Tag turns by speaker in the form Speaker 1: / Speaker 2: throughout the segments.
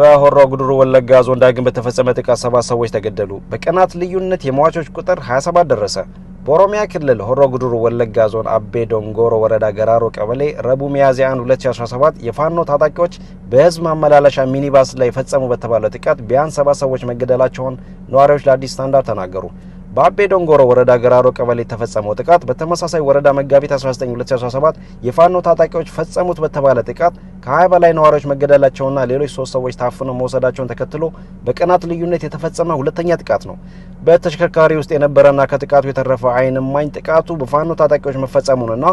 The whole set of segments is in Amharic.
Speaker 1: በሆሮ ጉድሩ ወለጋ ዞን ዳግም በተፈጸመ ጥቃት ሰባት ሰዎች ተገደሉ። በቀናት ልዩነት የሟቾች ቁጥር 27 ደረሰ። በኦሮሚያ ክልል ሆሮ ጉድሩ ወለጋ ዞን አቤ ዶንጎሮ ወረዳ ገራሮ ቀበሌ ረቡ ሚያዝያ 1 2017 የፋኖ ታጣቂዎች በህዝብ ማመላለሻ ሚኒባስ ላይ ፈጸሙ በተባለ ጥቃት ቢያንስ ሰባት ሰዎች መገደላቸውን ነዋሪዎች ለአዲስ ስታንዳርድ ተናገሩ። በአቤ ዶንጎሮ ወረዳ ገራሮ ቀበሌ የተፈጸመው ጥቃት በተመሳሳይ ወረዳ መጋቢት 19 2017 የፋኖ ታጣቂዎች ፈጸሙት በተባለ ጥቃት ከሀያ በላይ ነዋሪዎች መገደላቸውና ሌሎች ሶስት ሰዎች ታፍነው መውሰዳቸውን ተከትሎ በቀናት ልዩነት የተፈጸመ ሁለተኛ ጥቃት ነው። በተሽከርካሪ ውስጥ የነበረና ከጥቃቱ የተረፈ አይን ማኝ ጥቃቱ በፋኖ ታጣቂዎች መፈጸሙንና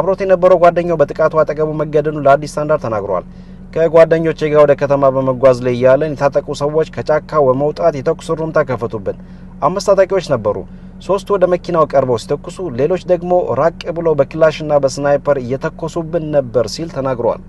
Speaker 1: አብሮት የነበረው ጓደኛው በጥቃቱ አጠገቡ መገደሉ ለአዲስ ስታንዳርድ ተናግሯል። ከጓደኞቼ ጋር ወደ ከተማ በመጓዝ ላይ እያለን የታጠቁ ሰዎች ከጫካ በመውጣት የተኩስ ሩምታ ከፈቱብን። አምስት ታጣቂዎች ነበሩ። ሶስቱ ወደ መኪናው ቀርበው ሲተኩሱ፣ ሌሎች ደግሞ ራቅ ብለው በክላሽና በስናይፐር እየተኮሱብን ነበር ሲል ተናግሯል።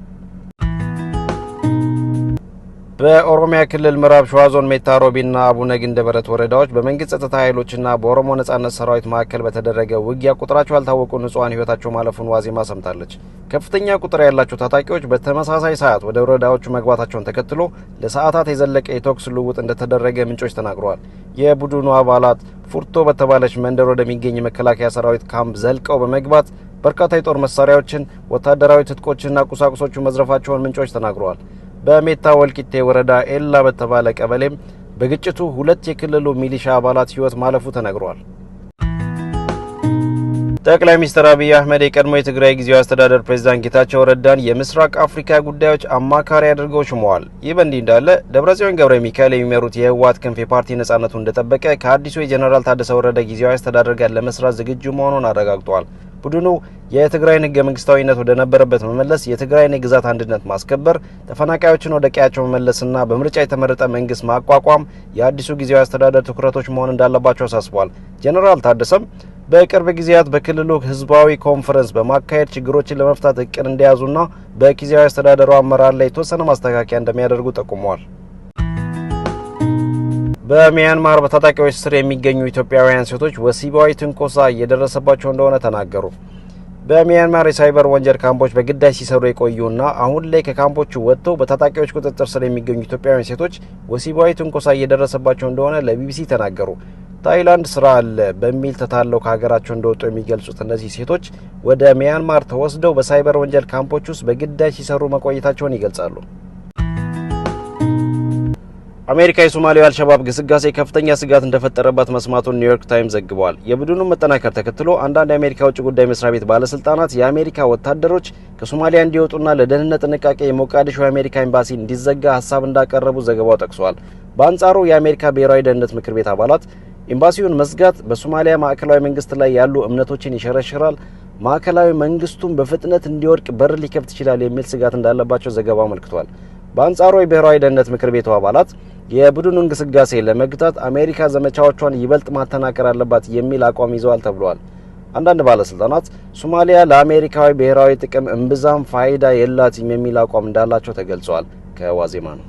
Speaker 1: በኦሮሚያ ክልል ምዕራብ ሸዋ ዞን ሜታ ሮቢና አቡነ ግንደበረት ወረዳዎች በመንግስት ጸጥታ ኃይሎችና በኦሮሞ ነጻነት ሰራዊት መካከል በተደረገ ውጊያ ቁጥራቸው ያልታወቁ ንጹሐን ህይወታቸው ማለፉን ዋዜማ ሰምታለች። ከፍተኛ ቁጥር ያላቸው ታጣቂዎች በተመሳሳይ ሰዓት ወደ ወረዳዎቹ መግባታቸውን ተከትሎ ለሰዓታት የዘለቀ የተኩስ ልውውጥ እንደተደረገ ምንጮች ተናግረዋል። የቡድኑ አባላት ፉርቶ በተባለች መንደር ወደሚገኝ መከላከያ ሰራዊት ካምፕ ዘልቀው በመግባት በርካታ የጦር መሳሪያዎችን፣ ወታደራዊ ትጥቆችንና ቁሳቁሶቹ መዝረፋቸውን ምንጮች ተናግረዋል። በሜታ ወልቂጤ ወረዳ ኤላ በተባለ ቀበሌም በግጭቱ ሁለት የክልሉ ሚሊሻ አባላት ህይወት ማለፉ ተነግሯል።
Speaker 2: ጠቅላይ ሚኒስትር አብይ አህመድ የቀድሞ የትግራይ ጊዜያዊ አስተዳደር ፕሬዚዳንት ጌታቸው ረዳን የምስራቅ አፍሪካ ጉዳዮች አማካሪ አድርገው ሽመዋል። ይህ በእንዲህ እንዳለ ደብረጽዮን ገብረ ሚካኤል የሚመሩት የህወሓት ክንፍ የፓርቲ ነጻነቱ እንደጠበቀ ከአዲሱ የጀኔራል ታደሰ ወረደ ጊዜያዊ አስተዳደር ጋር ለመስራት ዝግጁ መሆኑን አረጋግጧል። ቡድኑ የትግራይን ህገ መንግስታዊነት ወደ ነበረበት መመለስ፣ የትግራይን የግዛት አንድነት ማስከበር፣ ተፈናቃዮችን ወደ ቀያቸው መመለስና በምርጫ የተመረጠ መንግስት ማቋቋም የአዲሱ ጊዜያዊ አስተዳደር ትኩረቶች መሆን እንዳለባቸው አሳስቧል። ጄኔራል ታደሰም በቅርብ ጊዜያት በክልሉ ህዝባዊ ኮንፈረንስ በማካሄድ ችግሮችን ለመፍታት እቅድ እንደያዙና በጊዜያዊ አስተዳደሩ አመራር ላይ የተወሰነ ማስተካከያ እንደሚያደርጉ ጠቁመዋል።
Speaker 1: በሚያንማር በታጣቂዎች ስር የሚገኙ ኢትዮጵያውያን ሴቶች ወሲባዊ ትንኮሳ እየደረሰባቸው እንደሆነ ተናገሩ። በሚያንማር የሳይበር ወንጀል ካምፖች በግዳጅ ሲሰሩ የቆዩና አሁን ላይ ከካምፖቹ ወጥተው በታጣቂዎች ቁጥጥር ስር የሚገኙ ኢትዮጵያውያን ሴቶች ወሲባዊ ትንኮሳ እየደረሰባቸው እንደሆነ ለቢቢሲ ተናገሩ። ታይላንድ ስራ አለ በሚል ተታለው ከሀገራቸው እንደወጡ የሚገልጹት እነዚህ ሴቶች ወደ ሚያንማር ተወስደው በሳይበር ወንጀል ካምፖች ውስጥ በግዳጅ ሲሰሩ መቆየታቸውን ይገልጻሉ።
Speaker 3: አሜሪካ የሶማሊያ አልሸባብ ግስጋሴ ከፍተኛ ስጋት እንደፈጠረባት መስማቱን ኒውዮርክ ታይምስ ዘግቧል። የቡድኑን መጠናከር ተከትሎ አንዳንድ የአሜሪካ ውጭ ጉዳይ መስሪያ ቤት ባለስልጣናት የአሜሪካ ወታደሮች ከሶማሊያ እንዲወጡና ለደህንነት ጥንቃቄ የሞቃዲሾ የአሜሪካ ኤምባሲ እንዲዘጋ ሀሳብ እንዳቀረቡ ዘገባው ጠቅሷል። በአንጻሩ የአሜሪካ ብሔራዊ ደህንነት ምክር ቤት አባላት ኤምባሲውን መዝጋት በሶማሊያ ማዕከላዊ መንግስት ላይ ያሉ እምነቶችን ይሸረሽራል፣ ማዕከላዊ መንግስቱም በፍጥነት እንዲወድቅ በር ሊከፍት ይችላል የሚል ስጋት እንዳለባቸው ዘገባው አመልክቷል። በአንጻሩ የብሔራዊ ደህንነት ምክር ቤቱ አባላት የቡድኑ እንቅስቃሴ ለመግታት አሜሪካ ዘመቻዎቿን ይበልጥ ማጠናከር አለባት የሚል አቋም ይዘዋል ተብሏል። አንዳንድ ባለስልጣናት ሶማሊያ ለአሜሪካዊ ብሔራዊ ጥቅም እምብዛም ፋይዳ የላትም የሚል አቋም እንዳላቸው ተገልጿል። ከዋዜማ ነው።